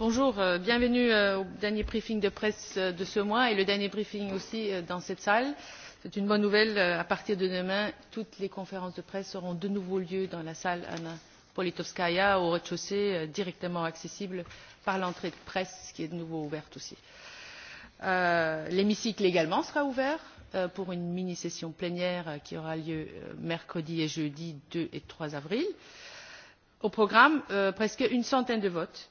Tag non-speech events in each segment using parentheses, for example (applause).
bonjour euh, bienvenue euh, au dernier briefing de presse euh, de ce mois et le dernier briefing aussi dans cette salle. c'est une bonne nouvelle à partir de demain toutes les conférences de presse auront de nouveau lieu dans la salle anna politkovskaya au rez de chaussée directement accessible par l'entrée de presse qui est de nouveau ouverte aussi. l'hémicycle également sera ouvert pour une mini session plénière qui aura lieu mercredi et jeudi deux et trois avril. au programme presque une centaine de votes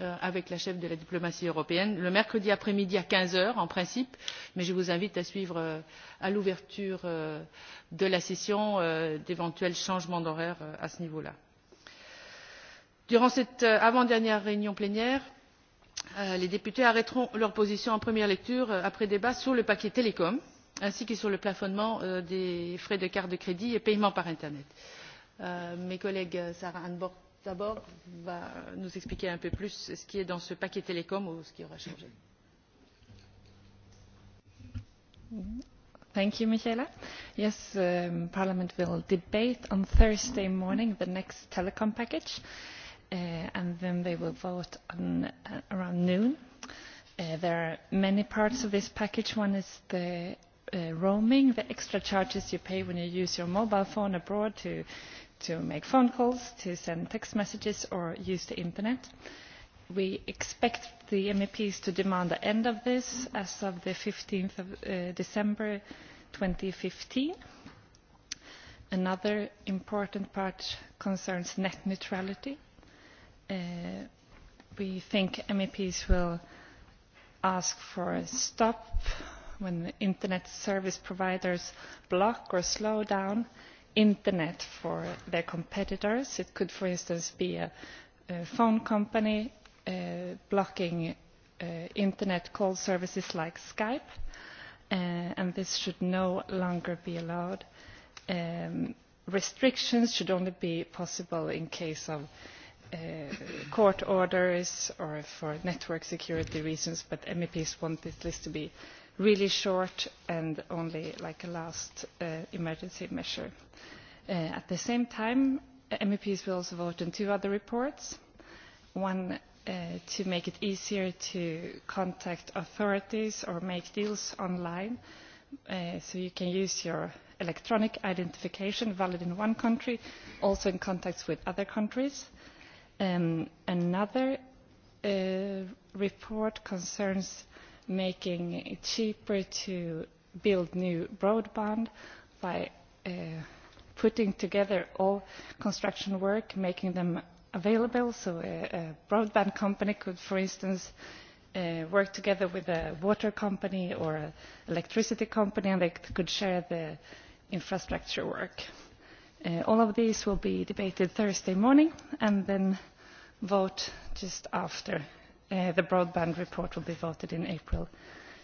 Euh, avec la cheffe de la diplomatie européenne le mercredi après midi à quinze heures en principe mais je vous invite à suivre euh, à l'ouverture euh, de la séance d'éventuels changements d'horaire à ce niveau là. durant cette avant dernière réunion plénière les députés arrêteront leur position en première lecture après débat sur le paquet télécom ainsi que sur le plafonnement des frais de cartes de crédit et paiements par internet. mes collègues sarah andborg tabor va nous expliquer un peu plus ce qui est dans ce paquet télécom ou ce qui aura changé. Thank you, Michaela. Yes, um, Parliament will debate on Thursday morning the next telecom package, uh, and then they will vote on, uh, around noon. Uh, there are many parts of this package. One is the uh, roaming, the extra charges you pay when you use your mobile phone abroad to to make phone calls, to send text messages or use the internet. We expect the MEPs to demand the end of this as of the 15th of uh, December 2015. Another important part concerns net neutrality. Uh, we think MEPs will ask for a stop when the internet service providers block or slow down internet for their competitors. it could for instance be a phone company uh, blocking uh, internet call services like skype uh, and this should no longer be allowed. Um, restrictions should only be possible in the case of court orders or for network security reasons but meps want this list to be really short and only like a last emergency measure. Uh, at the same time, uh, MEPs will also vote on two other reports. One uh, to make it easier to contact authorities or make deals online. Uh, so you can use your electronic identification valid in one country, also in contacts with other countries. Um, another uh, report concerns making it cheaper to build new broadband by uh, putting together all construction work, making them available so a, a broadband company could, for instance, uh, work together with a water company or an electricity company and they could share the infrastructure work. Uh, all of these will be debated Thursday morning and then vote just after uh, the broadband report will be voted in April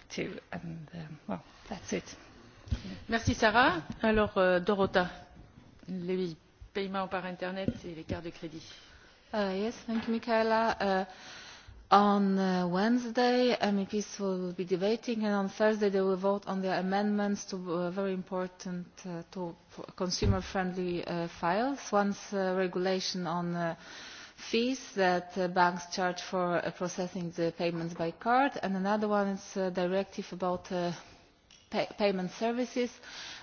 too. And um, well, that's it. Merci Sarah. Alors, uh, Dorota les paiements par internet et les cartes de crédit. Uh, Michaela, uh, on uh, Wednesday MEPs will be debating and on Thursday they will vote on the amendments to a very important uh, to consumer friendly uh, files. One's uh, regulation on uh, fees that uh, banks charge for uh, processing the payments by card and another one is a directive about uh, payment services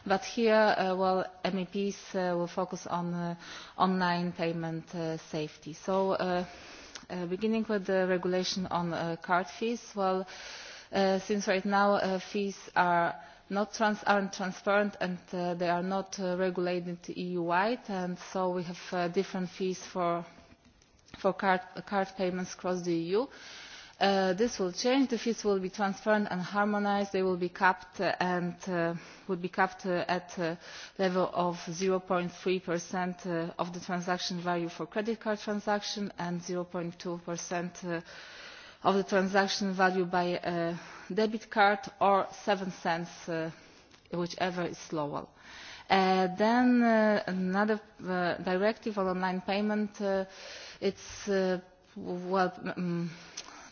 but here uh, meps uh, will focus on uh, online payment safety. so beginning with the regulation on card fees since right now fees are not transparent and they are not regulated eu wide and so we have different fees for card payments across the eu. Uh, this will change the fees will be transparent and harmonised they will be capped and uh, would be capped uh, at a level of zero three of the transaction value for credit card transactions and zero two of the transaction value by debit card or seven cents whichever is lower. then another directive on online payments it is well mm,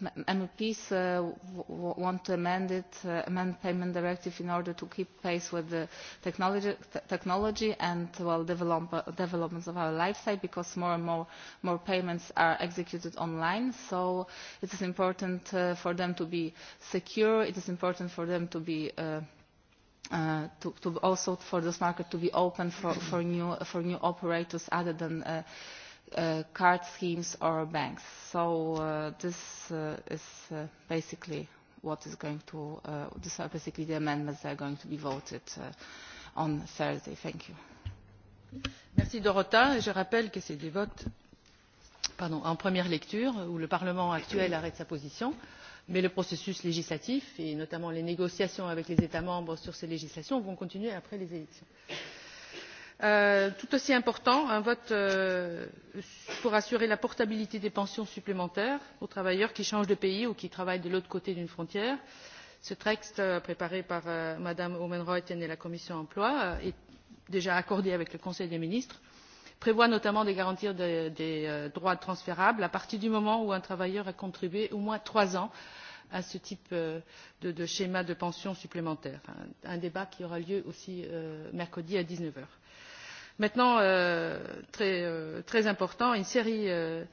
meps uh, want to amend the uh, payment directive in order to keep pace with the technology and developments of our lifestyle because more and more payments are executed online so it is important uh, for them to be secure it is important for them to be also for this market to be open for new operators other than uh, card schemes or banks. So uh, this uh, is uh, basically what is going to, uh, these are basically the amendments that are going to be voted uh, on Thursday. Thank you. Merci Dorota. Je rappelle que c'est des votes pardon, en première lecture où le Parlement actuel arrête sa position, mais le processus législatif et notamment les négociations avec les États membres sur ces législations vont continuer après les élections. Euh, tout aussi important un vote euh, pour assurer la portabilité des pensions supplémentaires aux travailleurs qui changent de pays ou qui travaillent de l'autre côté d'une frontière. ce texte euh, préparé par mme oomen ruijten et la commission de l'emploi et des affaires sociales déjà accordé avec le conseil des ministres prévoit notamment de garantir des droits transférables à partir du moment où un travailleur a contribué au moins trois ans à ce type de schéma de pension supplémentaire. un débat qui aura lieu aussi mercredi à dix neuf heures maintenant euh, euh, très important une série euh,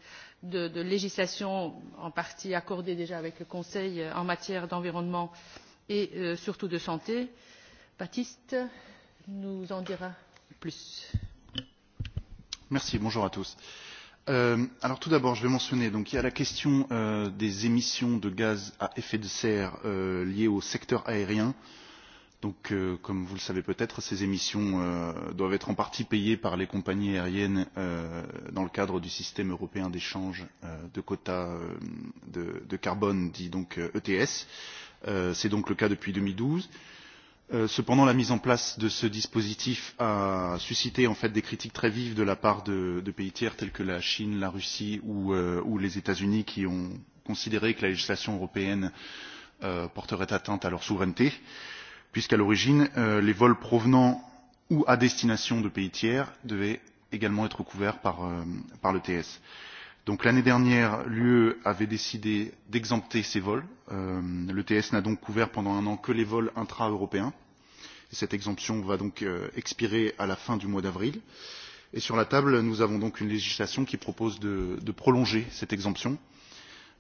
de législations en partie accordées déjà avec le conseil en matière d'environnement et surtout de santé baptiste nous en dira plus. bonjour à tous. tout d'abord je vais mentionner la question des émissions de gaz à effet de serre liées au secteur aérien qui Euh, comme vous le savez peut être ces émissions euh, doivent être en partie payées par les compagnies aériennes euh, dans le cadre du système européen d'échange de quotas de carbone dit donc ets. E c'est donc le cas depuis deux mille douze cependant la mise en place de ce dispositif a suscité en fait des critiques très vives de la part de pays tiers tels que la chine la russie ou les états unis qui ont considéré que la législation européenne porterait atteinte à leur souveraineté puisqu'à l'origine euh, les vols provenant ou à destination de pays tiers devaient également être couverts par, euh, par l'ets. Donc l'année dernière, l'UE avait décidé d'exempter ces vols. Euh, L'ETS n'a donc couvert pendant un an que les vols intra-européens. Cette exemption va donc euh, expirer à la fin du mois d'avril. Et sur la table, nous avons donc une législation qui propose de, de prolonger cette exemption euh,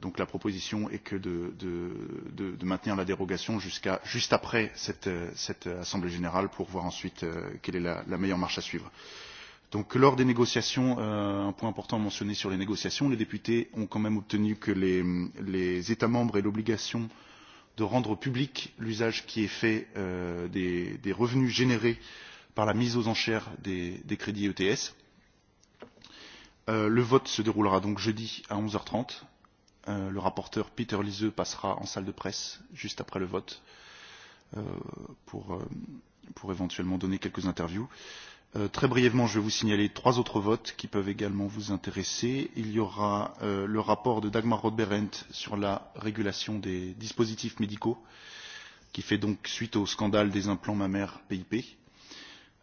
donc la proposition est que de, de, de, de maintenir la dérogation jusqu'à juste après cette, cette assemblée générale pour voir ensuite euh, quelle est la, la meilleure marche à suivre. Donc lors des négociations, euh, un point important mentionné sur les négociations, les députés ont quand même obtenu que les, les États membres aient l'obligation de rendre public l'usage qui est fait euh, des, des revenus générés par la mise aux enchères des, des crédits ETS. Euh, le vote se déroulera donc jeudi à 11h30 Euh, le rapporteur Peter Liseux passera en salle de presse juste après le vote euh, pour, euh, pour éventuellement donner quelques interviews. Euh, très brièvement, je vais vous signaler trois autres votes qui peuvent également vous intéresser. Il y aura euh, le rapport de Dagmar Rodberent sur la régulation des dispositifs médicaux, qui fait donc suite au scandale des implants mammaires PIP. Euh,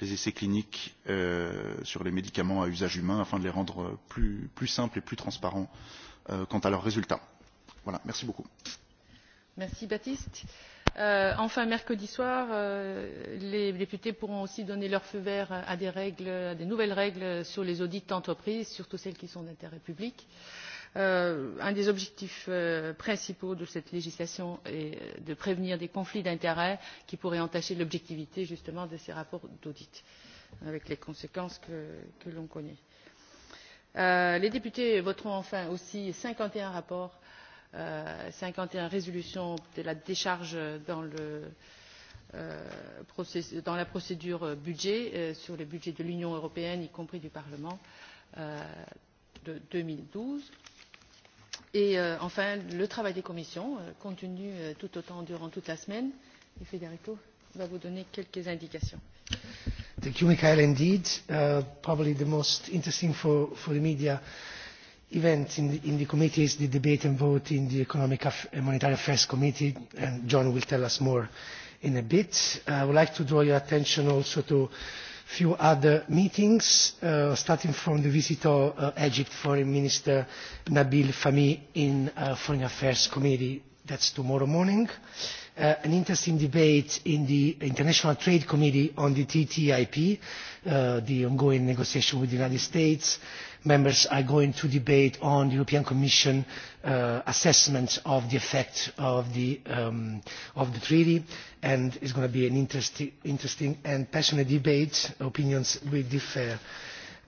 les essais cliniques euh, sur les médicaments à usage humain afin de les rendre euh, plus, plus simples et plus transparents euh, quant à leurs résultats. Voilà, merci beaucoup. Merci Baptiste. Euh, enfin, mercredi soir, euh, les députés pourront aussi donner leur feu vert à des, règles, à des nouvelles règles sur les audits d'entreprise, surtout celles qui sont d'intérêt public. Euh, Euh, un des objectifs euh, principaux de cette législation est de prévenir des conflits d'intérêts qui pourraient entacher l'objectivité justement de ces rapports d'audit avec les conséquences que l'on connaît. Euh, les députés voteront enfin aussi cinquante et un rapports cinquante et un résolutions de la décharge dans la procédure budget sur le budget de l'union européenne y compris du parlement de deux mille douze et euh, enfin le travail des commissions euh, continue euh, tout autant durant toute la semaine et federico va vous donner quelques indications. thank you michael indeed uh, probably the most interesting for for the media event in the, in the committee is the debate and vote in the economic and monetary affairs committee and john will tell us more in a bit. i would like to draw your attention also to few other meetings, uh, starting from the visit of uh, Egypt Foreign Minister Nabil Fahmy in uh, Foreign Affairs Committee, that's tomorrow morning. Uh, an interesting debate in the International Trade Committee on the TTIP, uh, the ongoing negotiation with the United States, members are going to debate on the commission uh, assessment of the effect of the um, treaty and it is going to be an interesting and passionate debate opinions will differ.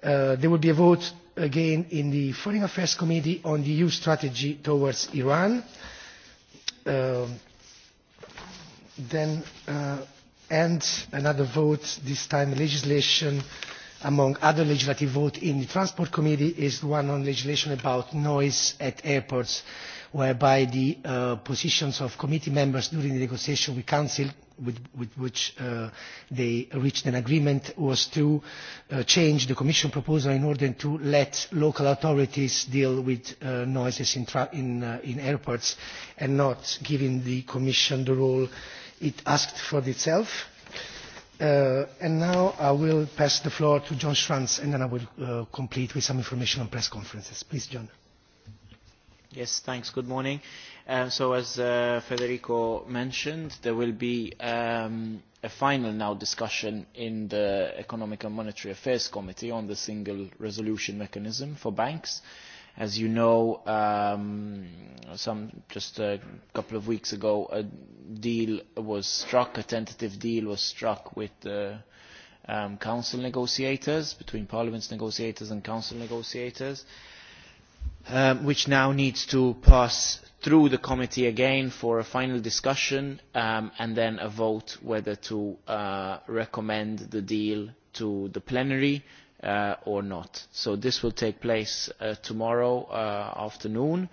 Uh, there will be a vote again in the foreign affairs committee on the eu strategy towards iran um, uh, and another vote this time on legislation among other legislative votes in the transport committee is the one on legislation about noise at airports whereby the uh, positions of committee members during the negotiation with council with, with which uh, they reached an agreement was to uh, change the commission proposal in order to let local authorities deal with uh, noises in, tra in, uh, in airports and not giving the commission the role it asked for itself. Uh, Uh, and now I will pass the floor to John Schranz, and then I will uh, complete with some information on press conferences. Please, John. Yes, thanks. Good morning. Uh, so as uh, Federico mentioned, there will be um, a final now discussion in the Economic and Monetary Affairs Committee on the single resolution mechanism for banks. Uh, as you know, um, some just a couple of weeks ago, a deal was struck, a tentative deal was struck with the um, council negotiators, between parliament's negotiators and council negotiators, um, which now needs to pass through the committee again for a final discussion um, and then a vote whether to uh, recommend the deal to the plenary uh, or not. So this will take place uh, tomorrow uh, afternoon.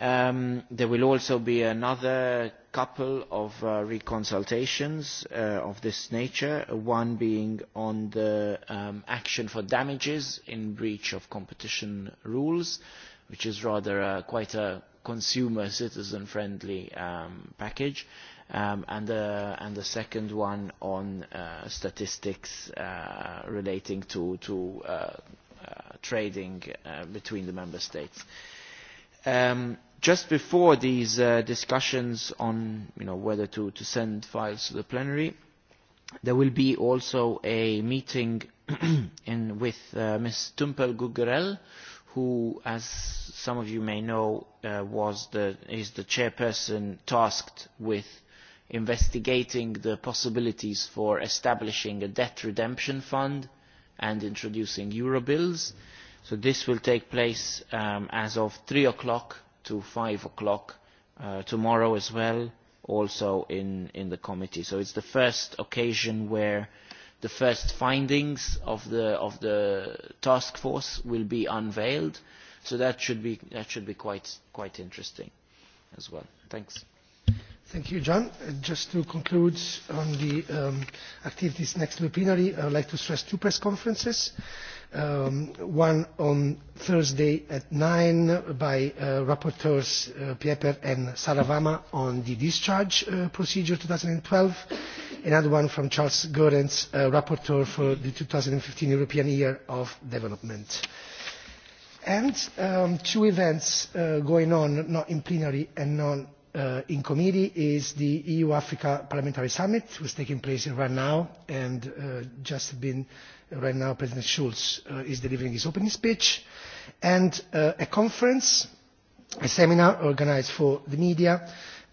Um, there will also be another couple of uh, reconsultations uh, of this nature, one being on the um, action for damages in breach of competition rules, which is rather uh, quite a consumer citizen friendly um, package, um, and the uh, and the second one on uh, statistics uh, relating to to uh, uh, trading uh, between the member states. Um, just before these uh, discussions on you know whether to to send files to the plenary, there will be also a meeting (clears throat) in with uh, Ms. Tumpel Guggerel who, as some of you may know, uh, was the, is the chairperson tasked with uh, investigating the possibilities for establishing a debt redemption fund and introducing eurobills. So this will take place um, as of 3 o'clock to 5 o'clock uh, tomorrow as well, also in, in the committee. So it's the first occasion where the first findings of the, of the task force will be unveiled. So that should be, that should be quite, quite interesting as well. Thanks. Thank you, John. Uh, just to conclude on the um, activities next to the plenary, I would like to stress two press conferences. Um, one on Thursday at 9 by uh, rapporteurs uh, Pieper and Saravama on the discharge uh, procedure 2012. Another one from Charles Gorenz, uh, rapporteur for the 2015 European Year of Development. And um, two events uh, going on, not in plenary and not uh, in committee is the EU Africa Parliamentary Summit, which is taking place right now and uh, just been uh, right now. President Schulz uh, is delivering his opening speech. And uh, a conference, a seminar organized for the media, uh,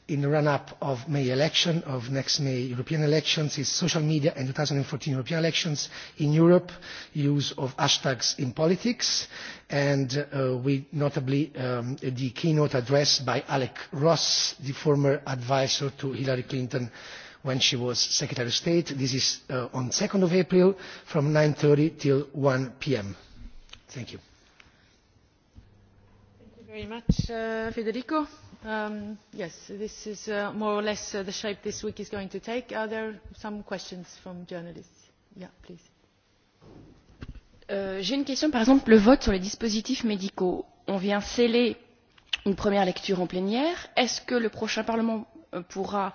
in the run-up of May election, of next May European elections, is social media and 2014 European elections in Europe, use of hashtags in politics, and uh, we notably um, the keynote address by Alec Ross, the former advisor to Hillary Clinton when she was Secretary of State. This is uh, on 2nd of April from 9.30 till 1 p.m. Thank you. Thank you very much, uh, Federico. Um, yes this is uh, more or less uh, the shape this week is going to take. are there some questions from journalists? Euh, j'ai une question par exemple le vote sur les dispositifs médicaux on vient sceller une première lecture en plénière est ce que le prochain parlement euh, pourra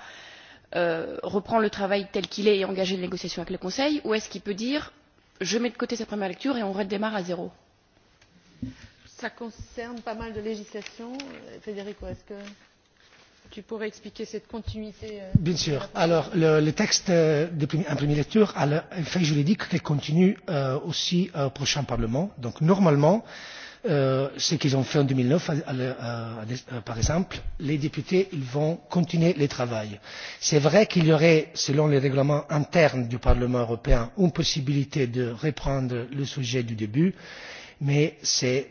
euh, reprendre le travail tel qu'il est et engager des négociations avec le conseil ou est ce qu'il peut dire je mets de côté cette première lecture et on redémarre à zéro? cela concerne pas mal de législations euh, federico est ce que tu pourrais expliquer cette continuité? Euh, bien sûr. le texte euh, en première lecture a un effet juridique qui continue aussi au prochain parlement. donc normalement ce qu'ils ont fait en deux mille neuf par exemple les députés vont continuer le travail. c'est vrai qu'il y aurait selon les règlements internes du parlement européen une possibilité de reprendre le sujet du début mais ce n'est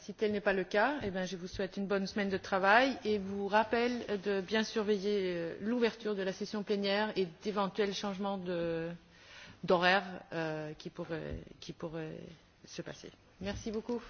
si tel n'est pas le cas eh je vous souhaite une bonne semaine de travail et vous rappelle de bien surveiller euh, l'ouverture de la session plénière et d'éventuels changements d'horaire euh, qui pourraient se produire.